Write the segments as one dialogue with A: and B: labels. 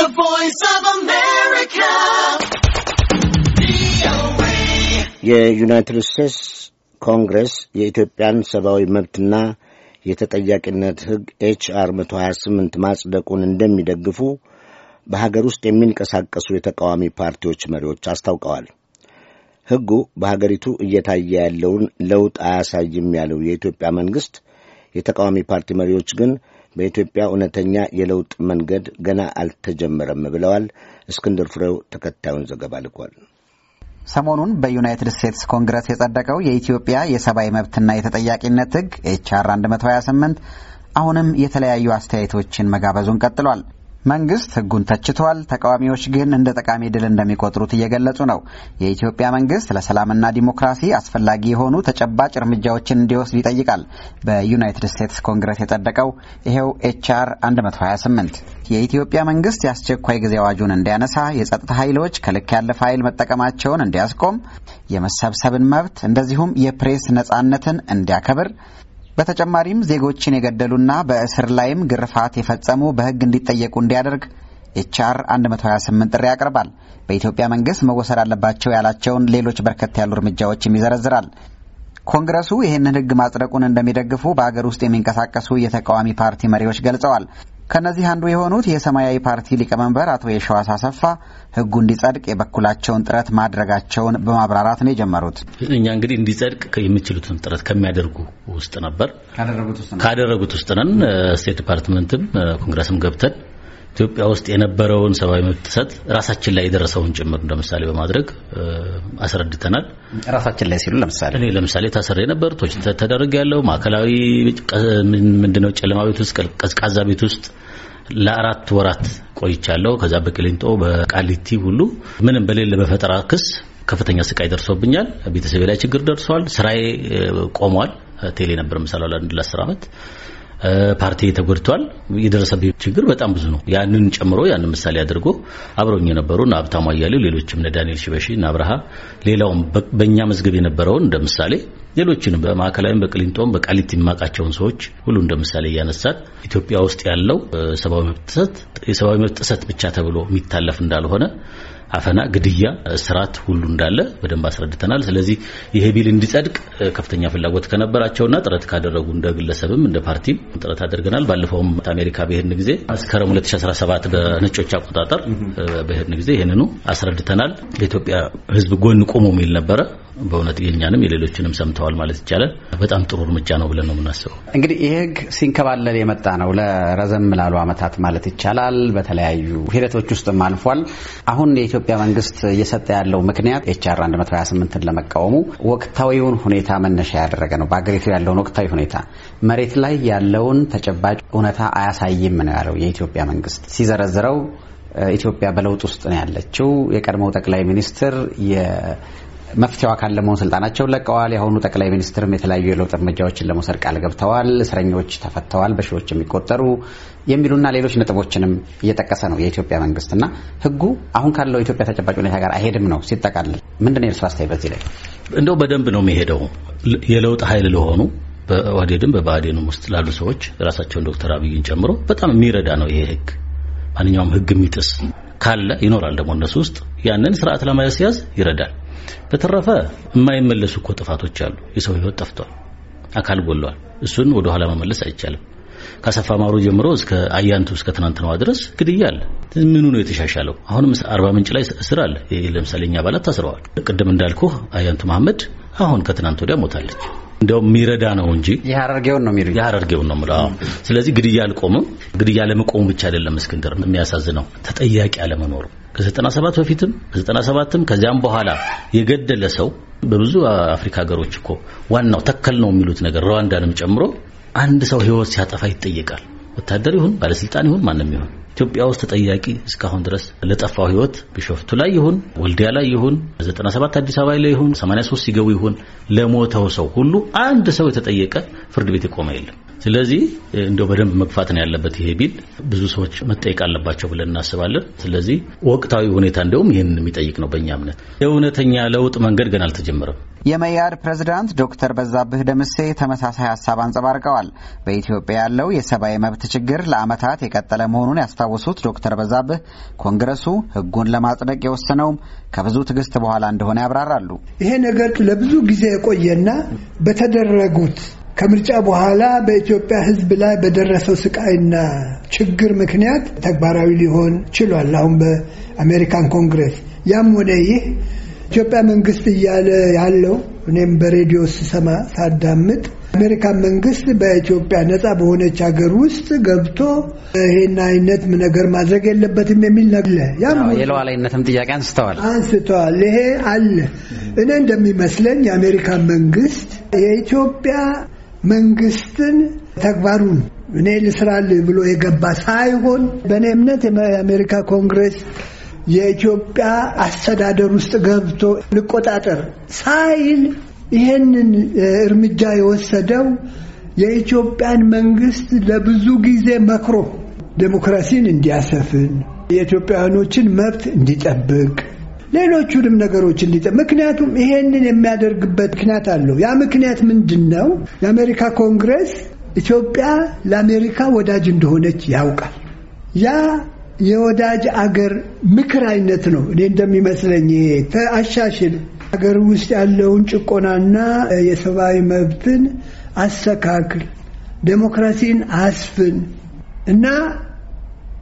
A: The Voice of America. የዩናይትድ ስቴትስ ኮንግረስ የኢትዮጵያን ሰብአዊ መብትና የተጠያቂነት ሕግ ሀያ 128 ማጽደቁን እንደሚደግፉ በሀገር ውስጥ የሚንቀሳቀሱ የተቃዋሚ ፓርቲዎች መሪዎች አስታውቀዋል። ሕጉ በሀገሪቱ እየታየ ያለውን ለውጥ አያሳይም ያለው የኢትዮጵያ መንግሥት የተቃዋሚ ፓርቲ መሪዎች ግን በኢትዮጵያ እውነተኛ የለውጥ መንገድ ገና አልተጀመረም ብለዋል። እስክንድር ፍሬው ተከታዩን ዘገባ ልኳል።
B: ሰሞኑን በዩናይትድ ስቴትስ ኮንግረስ የጸደቀው የኢትዮጵያ የሰብአዊ መብትና የተጠያቂነት ሕግ ኤችአር 128 አሁንም የተለያዩ አስተያየቶችን መጋበዙን ቀጥሏል። መንግስት ህጉን ተችቷል። ተቃዋሚዎች ግን እንደ ጠቃሚ ድል እንደሚቆጥሩት እየገለጹ ነው። የኢትዮጵያ መንግስት ለሰላምና ዲሞክራሲ አስፈላጊ የሆኑ ተጨባጭ እርምጃዎችን እንዲወስድ ይጠይቃል። በዩናይትድ ስቴትስ ኮንግረስ የጸደቀው ይኸው ኤችአር 128 የኢትዮጵያ መንግስት የአስቸኳይ ጊዜ አዋጁን እንዲያነሳ፣ የጸጥታ ኃይሎች ከልክ ያለፈ ኃይል መጠቀማቸውን እንዲያስቆም፣ የመሰብሰብን መብት እንደዚሁም የፕሬስ ነጻነትን እንዲያከብር በተጨማሪም ዜጎችን የገደሉና በእስር ላይም ግርፋት የፈጸሙ በሕግ እንዲጠየቁ እንዲያደርግ ኤችአር 128 ጥሪ ያቀርባል። በኢትዮጵያ መንግስት መወሰድ አለባቸው ያላቸውን ሌሎች በርከት ያሉ እርምጃዎችም ይዘረዝራል። ኮንግረሱ ይህንን ሕግ ማጽደቁን እንደሚደግፉ በአገር ውስጥ የሚንቀሳቀሱ የተቃዋሚ ፓርቲ መሪዎች ገልጸዋል። ከእነዚህ አንዱ የሆኑት የሰማያዊ ፓርቲ ሊቀመንበር አቶ የሸዋስ አሰፋ ህጉ እንዲጸድቅ የበኩላቸውን ጥረት ማድረጋቸውን በማብራራት ነው የጀመሩት።
A: እኛ እንግዲህ እንዲጸድቅ የሚችሉትን ጥረት ከሚያደርጉ ውስጥ ነበር ካደረጉት ውስጥ ነን። ስቴት ዲፓርትመንትም ኮንግረስም ገብተን ኢትዮጵያ ውስጥ የነበረውን ሰብአዊ መብት ጥሰት ራሳችን ላይ የደረሰውን ጭምር እንደምሳሌ በማድረግ አስረድተናል። ራሳችን ላይ ሲሉ ለምሳሌ እኔ ለምሳሌ ታስሬ ነበር፣ ተደረገ ያለው ማዕከላዊ ምንድነው ጨለማ ቤት ውስጥ ቀዝቃዛ ቤት ውስጥ ለአራት ወራት ቆይቻለሁ። ከዛ በቅሊንጦ በቃሊቲ ሁሉ ምንም በሌለ በፈጠራ ክስ ከፍተኛ ስቃይ ደርሶብኛል። ቤተሰቤ ላይ ችግር ደርሷል። ስራዬ ቆሟል። ቴሌ ነበር ምሳሌ ለአንድ ለአስር አመት ፓርቲ ተጎድቷል። የደረሰብኝ ችግር በጣም ብዙ ነው። ያንን ጨምሮ ያንን ምሳሌ አድርጎ አብረኝ የነበሩ እነ ሀብታሙ አያሌው፣ ሌሎችም እነ ዳንኤል ሽበሺ፣ እነ አብርሃ፣ ሌላውም በእኛ መዝገብ የነበረውን እንደ ምሳሌ ሌሎችንም በማዕከላዊም በቅሊንጦም በቃሊት የማውቃቸውን ሰዎች ሁሉ እንደ ምሳሌ እያነሳን ኢትዮጵያ ውስጥ ያለው ሰብአዊ መብት ጥሰት የሰብአዊ መብት ጥሰት ብቻ ተብሎ የሚታለፍ እንዳልሆነ አፈና፣ ግድያ፣ እስራት ሁሉ እንዳለ በደንብ አስረድተናል። ስለዚህ ይሄ ቢል እንዲጸድቅ ከፍተኛ ፍላጎት ከነበራቸውና ጥረት ካደረጉ እንደ ግለሰብም እንደ ፓርቲም ጥረት አድርገናል። ባለፈውም አሜሪካ በሄድን ጊዜ መስከረም 2017 በነጮች አቆጣጠር በሄድን ጊዜ ይህንኑ አስረድተናል። ከኢትዮጵያ ሕዝብ ጎን ቁሙ የሚል ነበረ። በእውነት የእኛንም የሌሎችንም ሰምተዋል ማለት ይቻላል። በጣም ጥሩ እርምጃ ነው ብለን ነው የምናስበው።
B: እንግዲህ ይህ ህግ ሲንከባለል የመጣ ነው ለረዘም ላሉ ዓመታት ማለት ይቻላል። በተለያዩ ሂደቶች ውስጥም አልፏል። አሁን የኢትዮጵያ መንግስት እየሰጠ ያለው ምክንያት ኤችአር 128ን ለመቃወሙ ወቅታዊውን ሁኔታ መነሻ ያደረገ ነው። በአገሪቱ ያለውን ወቅታዊ ሁኔታ መሬት ላይ ያለውን ተጨባጭ እውነታ አያሳይም ነው ያለው የኢትዮጵያ መንግስት ሲዘረዝረው ኢትዮጵያ በለውጥ ውስጥ ነው ያለችው። የቀድሞው ጠቅላይ ሚኒስትር መፍትሄዋ አካል ስልጣናቸውን ለቀዋል። የአሁኑ ጠቅላይ ሚኒስትርም የተለያዩ የለውጥ እርምጃዎችን ለመውሰድ ቃል ገብተዋል። እስረኞች ተፈተዋል፣ በሺዎች የሚቆጠሩ የሚሉና ሌሎች ነጥቦችንም እየጠቀሰ ነው የኢትዮጵያ መንግስት እና ህጉ አሁን ካለው ኢትዮጵያ ተጨባጭ ሁኔታ ጋር አይሄድም ነው ሲጠቃልል። ምንድን ነው የእርሱ አስተያየት በዚህ ላይ?
A: እንደው በደንብ ነው የሚሄደው የለውጥ ኃይል ለሆኑ በኦህዴድም በብአዴንም ውስጥ ላሉ ሰዎች ራሳቸውን ዶክተር አብይን ጨምሮ በጣም የሚረዳ ነው ይሄ ህግ። ማንኛውም ህግ የሚጥስ ካለ ይኖራል ደግሞ እነሱ ውስጥ ያንን ስርዓት ለማያስያዝ ይረዳል። በተረፈ የማይመለሱ እኮ ጥፋቶች አሉ። የሰው ህይወት ጠፍቷል፣ አካል ጎሏል። እሱን ወደ ኋላ መመለስ አይቻልም። ከአሰፋ ማሩ ጀምሮ እስከ አያንቱ እስከ ትናንትናዋ ድረስ ግድያ አለ። ምኑ ነው የተሻሻለው? አሁንም አርባ ምንጭ ላይ እስር አለ። ለምሳሌ እኛ አባላት ታስረዋል። ቅድም እንዳልኩህ አያንቱ መሐመድ አሁን ከትናንት ወዲያ ሞታለች። እንደው የሚረዳ ነው እንጂ የሐረርጌውን ነው የሚረዳ የሐረርጌውን ነው የምለው። ስለዚህ ግድያ አልቆምም። ግድያ ለመቆሙ ብቻ አይደለም እስክንድር የሚያሳዝነው ተጠያቂ አለመኖሩ ከ97 በፊትም ከ 97 ከዚያም በኋላ የገደለ ሰው በብዙ አፍሪካ ሀገሮች እኮ ዋናው ተከል ነው የሚሉት ነገር ሩዋንዳንም ጨምሮ አንድ ሰው ህይወት ሲያጠፋ ይጠየቃል። ወታደር ይሁን ባለስልጣን ይሁን ማንም ይሁን ኢትዮጵያ ውስጥ ተጠያቂ እስካሁን ድረስ ለጠፋው ህይወት ቢሾፍቱ ላይ ይሁን ወልዲያ ላይ ይሁን 97 አዲስ አበባ ላይ ይሁን 83 ሲገቡ ይሁን ለሞተው ሰው ሁሉ አንድ ሰው የተጠየቀ ፍርድ ቤት የቆመ የለም። ስለዚህ እንደው በደንብ መግፋት ነው ያለበት ይሄ ቢል ብዙ ሰዎች መጠየቅ አለባቸው ብለን እናስባለን። ስለዚህ ወቅታዊ ሁኔታ እንደውም ይህን የሚጠይቅ ነው። በእኛ እምነት የእውነተኛ ለውጥ መንገድ ገና አልተጀመረም።
B: የመያድ ፕሬዝዳንት ዶክተር በዛብህ ደምሴ ተመሳሳይ ሀሳብ አንጸባርቀዋል። በኢትዮጵያ ያለው የሰብአዊ መብት ችግር ለዓመታት የቀጠለ መሆኑን ያስታወሱት ዶክተር በዛብህ ኮንግረሱ ህጉን ለማጽደቅ የወሰነውም ከብዙ ትዕግስት በኋላ እንደሆነ ያብራራሉ።
C: ይሄ ነገር ለብዙ ጊዜ የቆየና በተደረጉት ከምርጫ በኋላ በኢትዮጵያ ህዝብ ላይ በደረሰው ስቃይና ችግር ምክንያት ተግባራዊ ሊሆን ችሏል። አሁን በአሜሪካን ኮንግረስ ያም ሆነ ይህ ኢትዮጵያ መንግስት እያለ ያለው እኔም በሬዲዮ ስሰማ ሳዳምጥ አሜሪካ መንግስት በኢትዮጵያ ነፃ በሆነች ሀገር ውስጥ ገብቶ ይሄን አይነት ነገር ማድረግ የለበትም የሚል ነግለ
B: የለዋላይነትም ጥያቄ አንስተዋል
C: አንስተዋል። ይሄ አለ። እኔ እንደሚመስለኝ የአሜሪካ መንግስት የኢትዮጵያ መንግስትን ተግባሩን እኔ ልስራል ብሎ የገባ ሳይሆን በእኔ እምነት የአሜሪካ ኮንግረስ የኢትዮጵያ አስተዳደር ውስጥ ገብቶ ልቆጣጠር ሳይል ይህንን እርምጃ የወሰደው የኢትዮጵያን መንግስት ለብዙ ጊዜ መክሮ ዴሞክራሲን እንዲያሰፍን የኢትዮጵያውያኖችን መብት እንዲጠብቅ ሌሎቹንም ነገሮች እንዲጠ ምክንያቱም ይሄንን የሚያደርግበት ምክንያት አለው። ያ ምክንያት ምንድን ነው? የአሜሪካ ኮንግረስ ኢትዮጵያ ለአሜሪካ ወዳጅ እንደሆነች ያውቃል። ያ የወዳጅ አገር ምክር አይነት ነው። እኔ እንደሚመስለኝ ይሄ አሻሽል አገር ውስጥ ያለውን ጭቆናና የሰብአዊ መብትን አስተካክል፣ ዴሞክራሲን አስፍን እና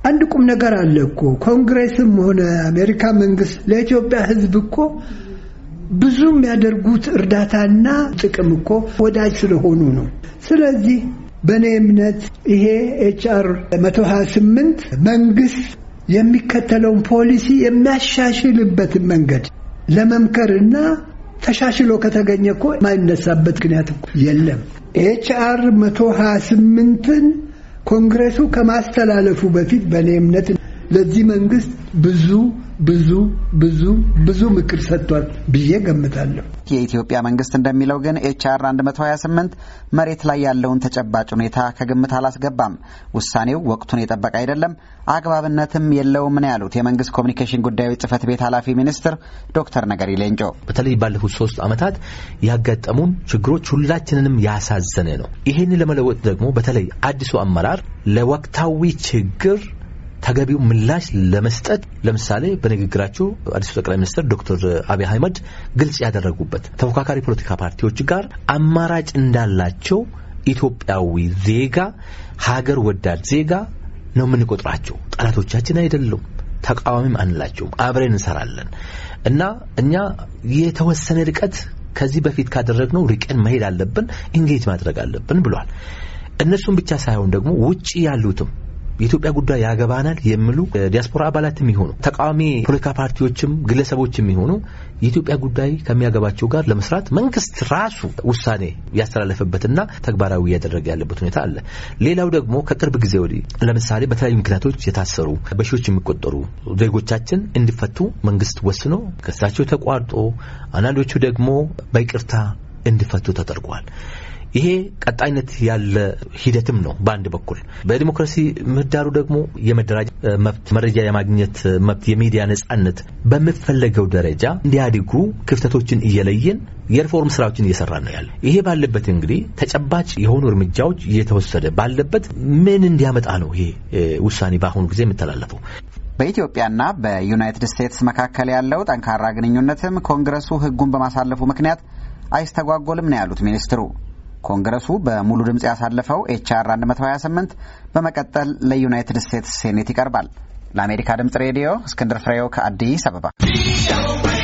C: አንድ ቁም ነገር አለ እኮ ኮንግሬስም ሆነ አሜሪካ መንግስት ለኢትዮጵያ ሕዝብ እኮ ብዙ የሚያደርጉት እርዳታና ጥቅም እኮ ወዳጅ ስለሆኑ ነው። ስለዚህ በእኔ እምነት ይሄ ኤችአር 128 መንግስት የሚከተለውን ፖሊሲ የሚያሻሽልበትን መንገድ ለመምከርና ተሻሽሎ ከተገኘ እኮ የማይነሳበት ምክንያት የለም። ኤችአር 128ን ኮንግረሱ ከማስተላለፉ በፊት በእኔ እምነት ለዚህ መንግስት ብዙ ብዙ ብዙ ብዙ ምክር ሰጥቷል ብዬ ገምታለሁ።
B: የኢትዮጵያ መንግስት እንደሚለው ግን ኤችአር 128 መሬት ላይ ያለውን ተጨባጭ ሁኔታ ከግምት አላስገባም። ውሳኔው ወቅቱን የጠበቀ አይደለም፣ አግባብነትም የለውም ነው ያሉት የመንግስት ኮሚኒኬሽን ጉዳዮች ጽህፈት ቤት ኃላፊ ሚኒስትር ዶክተር ነገሪ ሌንጮ። በተለይ ባለፉት ሶስት
D: ዓመታት ያጋጠሙን ችግሮች ሁላችንንም ያሳዘነ ነው። ይህን ለመለወጥ ደግሞ በተለይ አዲሱ አመራር ለወቅታዊ ችግር ተገቢው ምላሽ ለመስጠት ለምሳሌ በንግግራቸው አዲሱ ጠቅላይ ሚኒስትር ዶክተር አብይ አህመድ ግልጽ ያደረጉበት ተፎካካሪ ፖለቲካ ፓርቲዎች ጋር አማራጭ እንዳላቸው ኢትዮጵያዊ ዜጋ ሀገር ወዳድ ዜጋ ነው የምንቆጥራቸው። ጠላቶቻችን አይደሉም፣ ተቃዋሚም አንላቸውም፣ አብረን እንሰራለን እና እኛ የተወሰነ ርቀት ከዚህ በፊት ካደረግነው ርቀን መሄድ አለብን፣ ኢንጌጅ ማድረግ አለብን ብሏል። እነሱም ብቻ ሳይሆን ደግሞ ውጪ ያሉትም የኢትዮጵያ ጉዳይ ያገባናል የሚሉ ዲያስፖራ አባላትም ይሆኑ ተቃዋሚ ፖለቲካ ፓርቲዎችም ግለሰቦችም ይሆኑ የኢትዮጵያ ጉዳይ ከሚያገባቸው ጋር ለመስራት መንግስት ራሱ ውሳኔ ያስተላለፈበትና ተግባራዊ እያደረገ ያለበት ሁኔታ አለ። ሌላው ደግሞ ከቅርብ ጊዜ ወዲህ ለምሳሌ በተለያዩ ምክንያቶች የታሰሩ በሺዎች የሚቆጠሩ ዜጎቻችን እንዲፈቱ መንግስት ወስኖ ክሳቸው ተቋርጦ አንዳንዶቹ ደግሞ በይቅርታ እንዲፈቱ ተደርጓል። ይሄ ቀጣይነት ያለ ሂደትም ነው። በአንድ በኩል በዲሞክራሲ ምህዳሩ ደግሞ የመደራጀት መብት፣ መረጃ የማግኘት መብት፣ የሚዲያ ነጻነት በምፈለገው ደረጃ እንዲያድጉ ክፍተቶችን እየለየን የሪፎርም ስራዎችን እየሰራ ነው ያለ። ይሄ ባለበት እንግዲህ ተጨባጭ የሆኑ እርምጃዎች እየተወሰደ ባለበት ምን እንዲያመጣ ነው ይሄ ውሳኔ በአሁኑ ጊዜ የሚተላለፈው? በኢትዮጵያና
B: በዩናይትድ ስቴትስ መካከል ያለው ጠንካራ ግንኙነትም ኮንግረሱ ህጉን በማሳለፉ ምክንያት አይስተጓጎልም ነው ያሉት ሚኒስትሩ። ኮንግረሱ በሙሉ ድምፅ ያሳለፈው ኤችአር 128 በመቀጠል ለዩናይትድ ስቴትስ ሴኔት ይቀርባል። ለአሜሪካ ድምፅ ሬዲዮ እስክንድር ፍሬው ከአዲስ አበባ